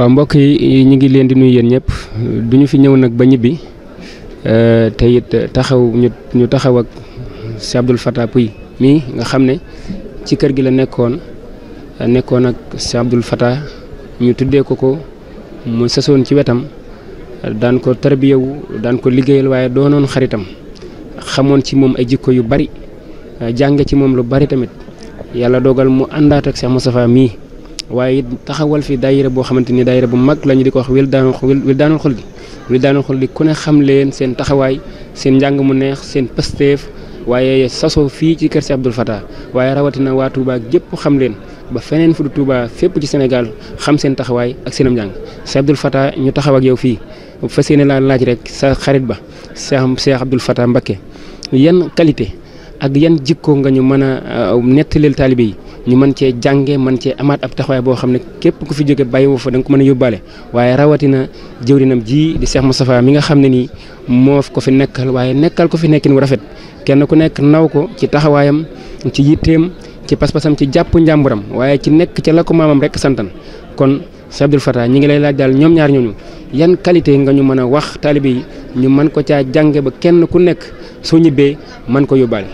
waaw mbokk yi ñu ngi leen di nuyu yéen ñëpp du ñu fi ñëw nag ba ñibbi euh, te it taxaw ñu ñu taxaw ak si Abdoul Fattah Pouye mii nga xam ne ci kër gi la nekkoon nekkoon ak si Abdoul Fattah ñu tuddee ko ko mu sasoon ci wetam daan ko tarbiyewu daan ko liggéeyal waaye doo doonoon xaritam xamoon ci moom ay jikko yu bari jànge ci moom lu bari tamit yàlla dogal mu àndaat ak Cheikh Moustapha mii waaye taxawal fi daayira boo xamante ni daayira bu mag la ñu di ko wax Wildaanul Wildaanul Xuldi Wildaanul Xuldi ku ne xam leen seen taxawaay seen njàng mu neex seen pësteef waaye sasoo fii ci kër si Abdoul Fatah waaye rawatina waa Touba gépp xam leen ba feneen fu du Touba fépp ci Sénégal xam seen taxawaay ak seen njàng si Abdoul Fatah ñu taxaw ak yow fii fa seeni laa laaj rek sa xarit ba Cheikh Cheikh Abdoul Fatah Mbacké yan qualité ak yan jikkoo nga ñu mën a euh, nettaleel taalibe yi ñu mën cee jànge man cee amaat ab taxawaay boo xam ne képp ku fi jóge bàyyi woo fa da nga ko mën a yóbbaale waaye rawatina jëwrinam jii di Cheikh Moustapha mi nga xam ne nii moo ko fi nekkal waaye nekkal ko fi nekkin wu rafet kenn ku nekk naw ko ci taxawaayam ci yitteem ci pas-pasam ci jàpp njàmburam waaye ci nekk ca la ko rek santan kon Cheikh Abdoul Fatah ngi lay laaj daal ñoom ñaar ñooñu yan qualité nga ñu mën a wax taalibe yi ñu mën ko caa jànge ba kenn ku nekk soo ñibbee mën ko yóbbaale.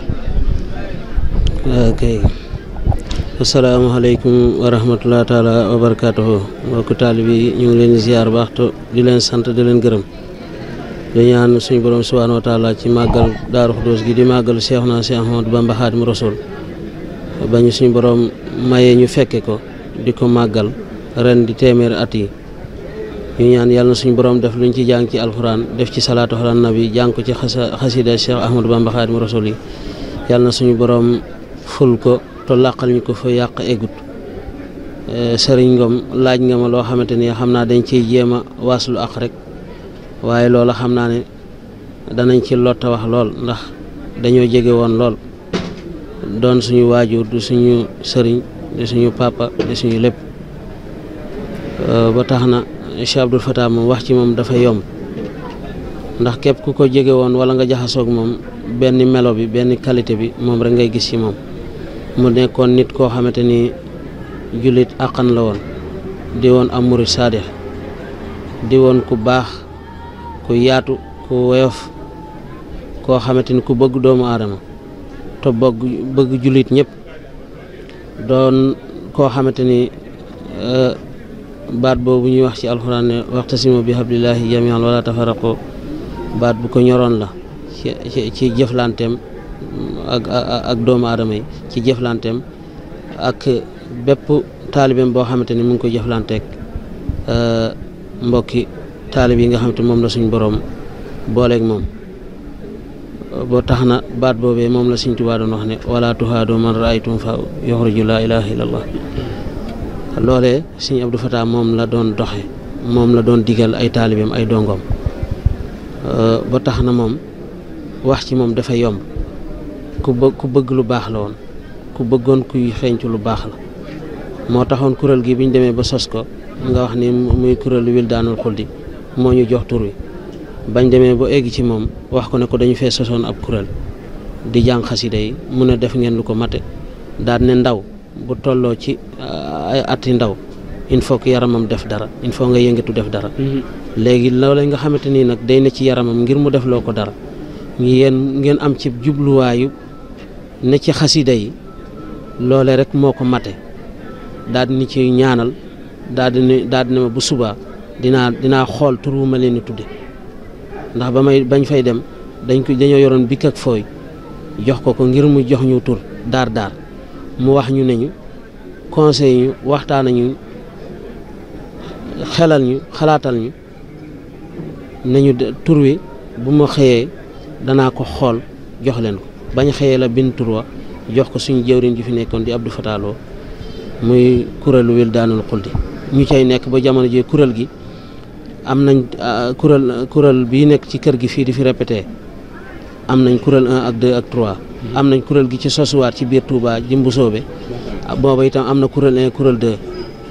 asalaamaaleykum wa rahmatulah taala wa barakaatuhu taalib yi ñu ngi leen di ziar baax di leen sant di leen gërëm di ñaan suñu borom subhaanahu taala ci màggal daaru xudóos gi di màggal Seexuna naa Ahmadu Bamba Xaadimu Rasuul ba suñu boroom mayee ñu fekke ko di ko màggal ren di téeméer at yi ñu ñaan yàlla suñu boroom def luñ ci jàng ci alxuraan def ci salaatu ala nabi jàng ko ci xasa xasida Seex Ahmadu Bamba yi yàlla suñu borom te làqal ñu ko fa yàq egut eh, sëriñ ngoom laaj nga ma loo xamante ni xam naa dañ ciy jéem a waaslu ak rek waaye loola xam naa ne danañ ci lot wax lool ndax dañoo jege woon lool doon suñu waajur du suñu sëriñ di suñu papa di suñu lépp eh, ba tax na Cheikh Abdoul Fatah moom wax ci moom dafa yomb ndax képp ku ko jege woon wala nga jaxasoog moom benn melo bi benn qualité bi moom rek ngay gis ci moom mu nekkoon nit koo xamante ni jullit àqan la woon di woon am murid saadix di woon ku baax ku yaatu ku woyof koo xamante ni ku bëgg doomu aadama te bëgg bëgg jullit ñëpp doon koo xamante ni euh, baat boobu ñuy wax ci alxuraan ne waxtasimu bi hablillahi jamian wala tafaraqu baat bu ko ñoroon la ci ci jëflanteem ak ak doomu aadama yi ci jëflanteem ak bépp taalibeem boo xamante ni mu ngi koy jëflanteeg euh, mbokki taalib yi nga xamante moom la suñ boroom booleeg moom boo tax na baat boobee moom la suñ tubaa doon wax ne wala tuhaadu man raaytum fa yoxruju laa ilaha illallah loolee suñ Abdou Fatah moom la doon doxe moom la doon digal ay taalibeem ay dongoom euh, boo tax na moom wax ci moom dafa yomb ku bë ku bëgg lu baax la woon ku bëggoon kuy xeeñcu lu baax la moo taxoon kuréel gi bi ñu demee ba sos ko nga wax ni muy kuréelu wildaanul di moo ñu jox tur wi bañ demee ba egg ci moom wax ko ne ko dañu fee sosoon ab kuréel di jàng xasida yi mun a def ngeen lu ko mate daal ne ndaw bu tolloo ci ay ati ndaw il faut que yaramam def dara il faut nga yëngatu def dara mm-hmm. léegi loolu nga xamante nag day ne ci yaramam ngir mu def loo ko dara ngeen ngeen am ne ci xasida yi loole rek moo ko mate daldi ni ci ñaanal daal di daal ne ma bu subaa dinaa dinaa xool tur wu ma leen tuddi ndax ba may bañ fay dem dañ ko dañoo yoroon bikk ak fooy jox ko ko ngir mu jox ñu tur daar daar mu wax ñu ne ñu conseil ñu waxtaan ñu xelal ñu xalaatal ñu nañu tur wi bu ma xëyee danaa ko xool jox leen ko bañ xëyee la bin turwa jox ko suñu jëwriñ ju fi nekkoon di abdu Fatalo muy kuréelu wildaanul xuldi ñu cay nekk ba jamono ji kuréel gi am nañ ah, kuréel kuréel bii nekk ci kër gi fii di fi répété am nañ kuréel 1 ak 2 ak 3 mm-hmm. am nañ kuréel gi ci sosuwaat ci biir Touba jimbu soobe booba itam am na kuréel 1 kuréel 2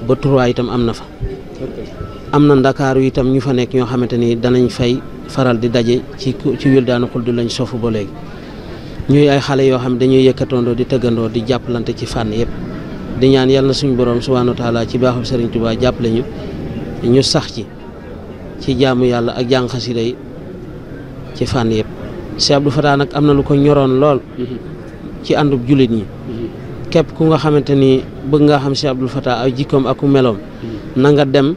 ba 3 itam am na fa am na ndakaaru itam ñu fa nekk ñoo xamante ni danañ fay faral di daje ci ci wildaanul xuldi lañ sofu ba léegi ñuy ay xale yoo xam dañuy yëkkatandoo di tëggandoo di jàppalante ci fànn yëpp di ñaan yàlla na suñu borom subhaanahu wa taala ci baaxub Serigne Touba jàppale ñu ñu sax ci ci jaamu yàlla ak jàng xasida yi ci fànn yëpp. Cheikh Abdou Fatah nag am na lu ko ñoroon lool ci àndub jullit ñi képp ku nga xamante ni bëgg nga xam Cheikh Abdou Fatah ay jikkoom aku ku meloom na nga dem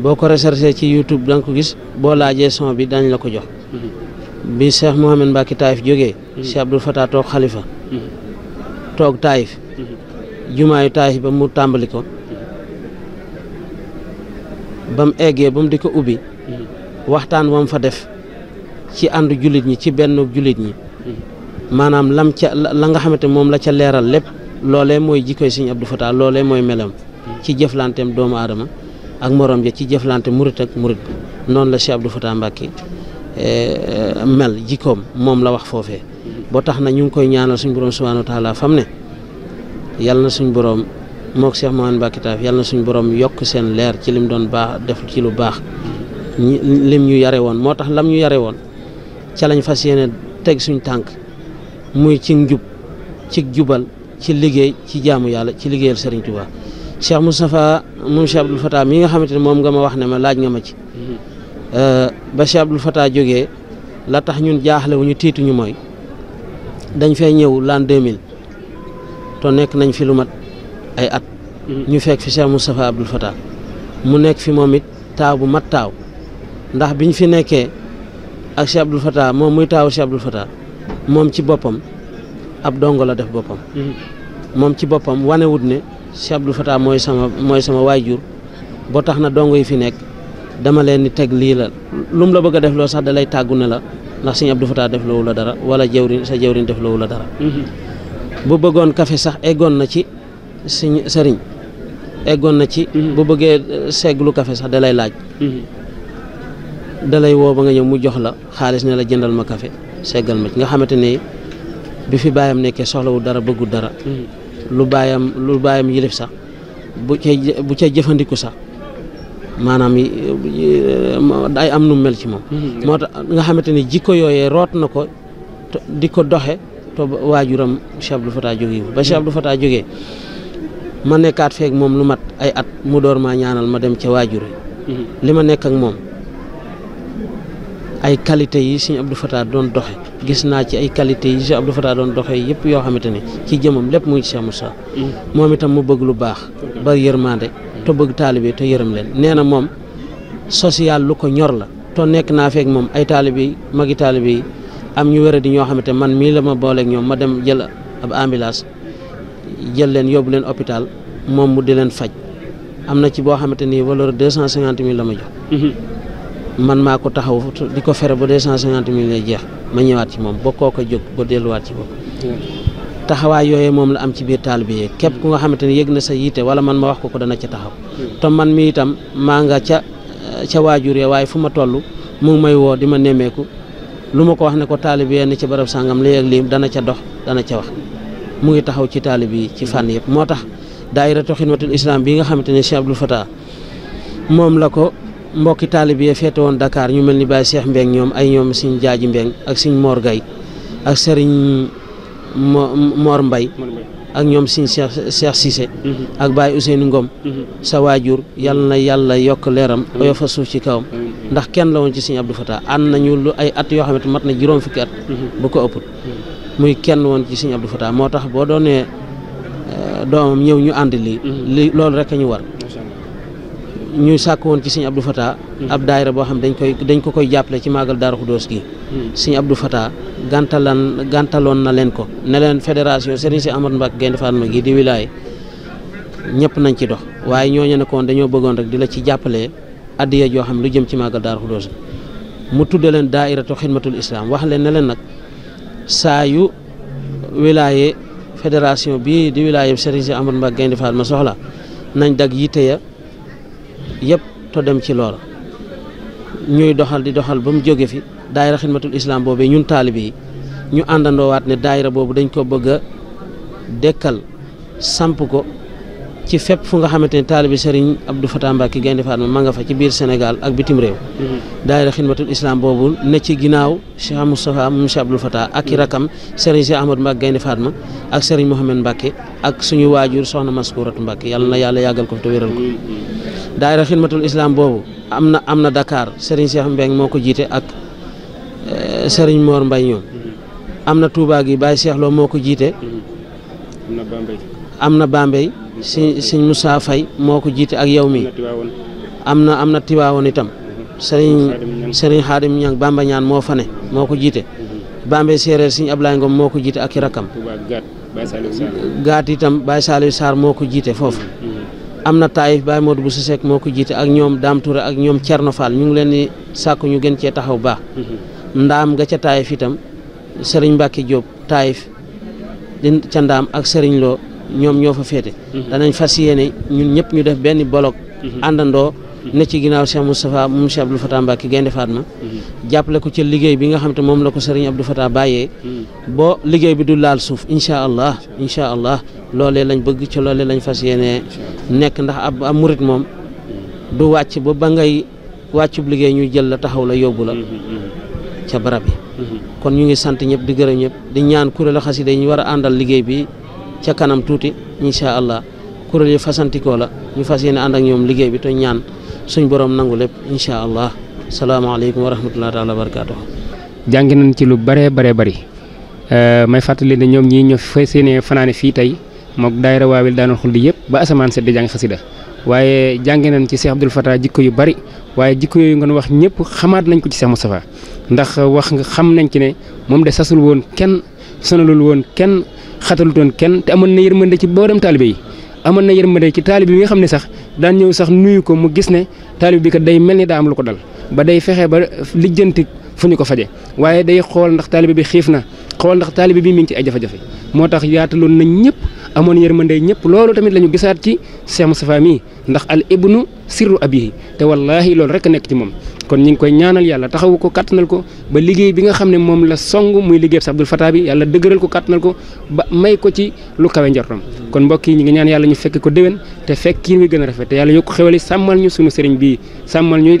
boo ko recherché ci YouTube da ko gis boo laajee son bi dañ la ko jox. bi Cheikh Mouhamed Mbacke Taïf jógee hmm. Cheikh Abdoul Fatah toog xalifa hmm. toog Taïf hmm. jumaayu Taïf ba mu tàmbali ko ba mu eggee ba mu di ko ubbi waxtaan wam fa def ci àndu jullit ñi ci benn jullit ñi maanaam lam ca la nga xamante moom la ca leeral lépp loolee mooy jikkoy Sëñ Abdou Fatah loolee mooy melam ci jëflanteem doomu aadama ak moroom ja ci jëflante murit ak murit bi noonu la Cheikh Abdou Fatah Mbacke Eh, eh, mel jikkoom moom la wax foofe boo tax na ñu ngi koy ñaanal suñ borom subhanahu wa taala fam ne yàlla na suñ borom mook Cheikh Mouhamed Mbacké Taif yàlla na suñ borom yokk seen leer ci lim doon baax def ci lu baax lim ñu yare woon moo tax lam ñu yare woon ca lañ fas yéene teg suñ tànk muy ci njub ci jubal ci liggéey ci jaamu yàlla ci liggéeyal Serigne Touba Cheikh Moustapha moom Cheikh Abdoul Fatah mi nga xamante ne moom nga ma wax ne ma laaj nga ma ci mm-hmm. ba Cheikh Abdoul Fatah jógee la tax ñun jaaxle ñu tiituñu mooy dañ fee ñëw l'an 2000 to nekk nañ fi lu mat ay at. Mm-hmm. ñu fekk fi Cheikh Moustapha Abdoul Fatah mu nekk fi moom it taaw bu mat taaw ndax bi ñu fi nekkee ak Cheikh Abdoul Fatah moom muy taawu Cheikh Abdoul Fatah moom ci boppam ab dongo la def boppam. Mm-hmm. moom ci boppam wanewut ne Cheikh Abdoul Fatah mooy sama mooy sama waajur boo tax na dongo yi fi nekk. dama leen ni teg lii la lum la bëgg a def loo sax dalay lay tàggu ne la ndax sëñ Abdou Fatah def loowu la dara wala jëwriñ sa jëwriñ def loowu la dara mhm. bu bëggoon kafe sax eggoon na ci sëñ sëriñ eggoon na ci mhm. bu bëggee eh, segglu kafe sax dalay laaj mhm. dalay lay woo ba nga ñëw mu jox la xaalis ne la jëndal ma kafe seggal ma ci nga xamante ne bi fi baayam nekkee soxlawul dara bëggul dara lu baayam lu baayam yilif sax bu ca bu ca jëfandiku sax maanaam day euh, am nu mel ci moom mm-hmm. moo tax nga xamante ni jikko yooyee root na ko di ko doxe te waajuram Cheikh Abdou Fatah jóge ba Cheikh mm-hmm. Abdou Fatah jógee ma nekkaat feek moom lu mat ay at mu door maa ñaanal ma dem ca waajure mm-hmm. li ma nekk ak moom ay qualité yi Sëñ Abdou Fatah doon doxe gis naa ci ay qualité yi Sëñ Abdou Fatah doon doxe yëpp yoo xamante ne ci jëmam lépp muy Cheikh sax moom itam mu bëgg lu baax bari yërmande te bëgg taalibe te yërëm leen nee na moom social lu ko ñor la too nekk naa feek moom ay taalibe yi magi taalibe yi am ñu wéra di ñoo xamante man mii la ma booleek ñoom ma dem jël ab ambulance jël leen yóbbu leen hôpital moom mu di leen faj am na ci boo xamante ni valeur deux cent cinquante mille la ma jox mhm. man maa ko taxaw di ko fere ba deux cent cinquante mille lay jeex ma ñëwaat ci moom ba koo ko jóg ba delluwaat ci moom taxawaay yooyu moom la am ci biir taalibe yi képp ku nga xamante ni yëg na sa yitte wala man ma wax ko ko dana ca taxaw te man mi itam maa nga ca ca waajur ya waaye fu ma toll mu ngi may woo di ma nemmeeku lu ma ko wax ne ko taalibe yenn ci barab sàngam lii ak lii dana ca dox dana ca wax mu ngi taxaw ci taalibe yi ci fànn yëpp moo tax daayiratu xidmatul islam bi nga xamante ne Cheikh Abdoul Fatah moom la ko mbokki taalibe yi feete woon Dakar ñu mel ni Baye Cheikh Mbeng ñoom ay ñoom siñ jaaji Mbeng ak siñ Mor Gay Mor Mbay ak ñoom siñ Cheikh Cheikh Cissé baay mhm. Baye Ousseynou Ngom mhm. sa waajur yal na yàlla yokk leeram oyofa suuf ci kawam ndax kenn la woon ci siñ Abdou Fatah ànd nañu lu ay at yoo xamante mat na juróom fukki at mhm. bu ko ëpp muy kenn woon ci siñ Abdou Fatah moo tax boo doonee eh, doomam ñëw ñu ànd lii li loolu rek a ñu war ñu sàkk woon ci sëñ Abdou Fata mm. ab daayira boo xam dañ koy dañ ko koy jàppale ci màggal Daaru Xudóos gi mm. sëñ Abdou Fata gàntalan gàntaloon na leen ko ne leen fédération Serigne si Ahmad Mbacke Gaïndé ma gi di wilaaye ñëpp nañ ci dox waaye ñooñu ne koon dañoo bëggoon rek di la ci jàppale addiya joo xam lu jëm ci màggal Daaru mu tudde leen daairatu xidmatul islam wax leen ne leen nag saa yu wilaaye fédération bii di wilaaye Serigne si Ahmad Mbacke Gaïndé Fatma soxla nañ dag yitte ya yëpp te dem ci lool ñuy doxal di doxal ba mu jóge fi daayira xidmatul islam boobu ñun taalibe yi ñu àndandoo waat ne daayira boobu dañ ko bëgg a dekkal samp ko ci fépp fu nga xamante ne taalibe Serigne Abdou Fatah Mbacke Gaynde Fatma ma nga fa ci biir Sénégal ak bitim réew mhm. daayira xidmatul islam boobu ne ci ginnaaw Cheikh Moustapha moom Cheikh Abdoul Fatah ak i rakam Serigne Cheikh Ahmad Mbacke Gaynde Fatma ak Serigne Mohamed Mbacke ak suñu waajur soxna Maskuratu Mbacke yàlla yàlla yàggal daayira xidmatul islam boobu am na am na dakaar sëriñ seex Mbeng moo ko jiite ak eh, sëriñ Mor Mbay ñoom am na Touba gi Baye Cheikh moo ko jiite am na Bambey si sëñ Moussa Faye moo ko jiite ak yow mi am na am na Tiwaawoon itam sëriñ mhm. Serigne Xaadim Ñang Bamba ñaan moo fa moo ko jiite mhm. Bambey séeréer sëñ Ablaye Ngom moo ko jiite ak i rakkam gaat itam Baye Saliou Sarr moo ko jiite foofu mhm. am na taayif moo Modou bu Sisek moo ko jiite ak ñoom Dame Touré ak ñoom Thierno Fall ñu ngi leen di sàkku ñu gën cee taxaw baax mhm. ndaam nga ca taayif itam Serigne Mbacke Diop taayif di ca ndaam ak Serigne Lo ñoom ñoo fa féete mhm. danañ fas yéene ñun ñëpp ñu def benn bolog mhm. àndandoo ne ci ginnaaw Cheikh Moustapha mu Cheikh Abdou Fatah Mbacke Gaynde Fatma jàppale ko ci liggéey bi nga xam te moom la ko Serigne Abdou Fatah bàyyee boo liggéey bi du laal suuf incha allah incha allah loolee lañ bëgg ci loolee lañ fas yéene nekk ndax ab ab murit moom du wàcc ba ba ngay wàccub liggéey ñu jël la taxaw la yóbbu la mm-hmm, mm-hmm. ca barab yi mm-hmm. kon ñu ngi sant ñëpp di gërëm ñëpp di ñaan kuréelu xasida yi ñu war a àndal liggéey bi ca kanam tuuti incha allah kuréel yi fasantikoo la ñu fas yéene ànd ak ñoom liggéey bi te ñaan suñ borom nangu lépp incha allah salaamaaleykum wa rahmatullahi taala wa barakaatu. jàngi nañ ci lu bëree bëree bëri euh, may fàttali ne ñoom ñii ñoo fas yéene fanaane fii tey. mook daayira waawil daanul xul di yëpp ba asamaan set di jàng xasida waaye jànge nañ ci Cheikh Abdoul Fatah jikko yu bari waaye jikko yooyu nga wax ñëpp xamaat nañ ko ci Cheikh Moustapha ndax wax nga xam nañ ci ne moom de sasul woon kenn sonalul woon kenn xatalutoon kenn te amoon na yërmande ci boo boolem taalibe yi amoon na yërmande ci taalibe bi nga xam ne sax daan ñëw sax nuyu ko mu gis ne taalibe bi kat day mel ni daa am lu ko dal ba day fexe ba lijjanti fu ñu ko faje waaye day xool ndax taalibe bi xiif na xool ndax taalibe bi mi ngi ci ay jafe-jafe moo tax yaataloon nañ ñëpp amoon yërmande ñëpp loolu tamit la ñu gisaat ci Cheikh Moustapha mii ndax al ibnu sirru abihi te wallaahi loolu rek a nekk ci moom kon ñu ngi koy ñaanal yàlla taxawu ko kàttanal ko ba liggéey bi nga xam ne moom la song muy liggéey sa Abdul Fatah bi yàlla dëgëral ko kàttanal ko ba may ko ci lu kawe njortam kon mbokk yi ñu ngi ñaan yàlla ñu fekk ko déwén te fekk yi wi gën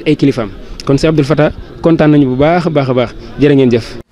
a kon si Abdoul Fatah kontaan nañu bu baax a baax a baax jërë ngeen jëf.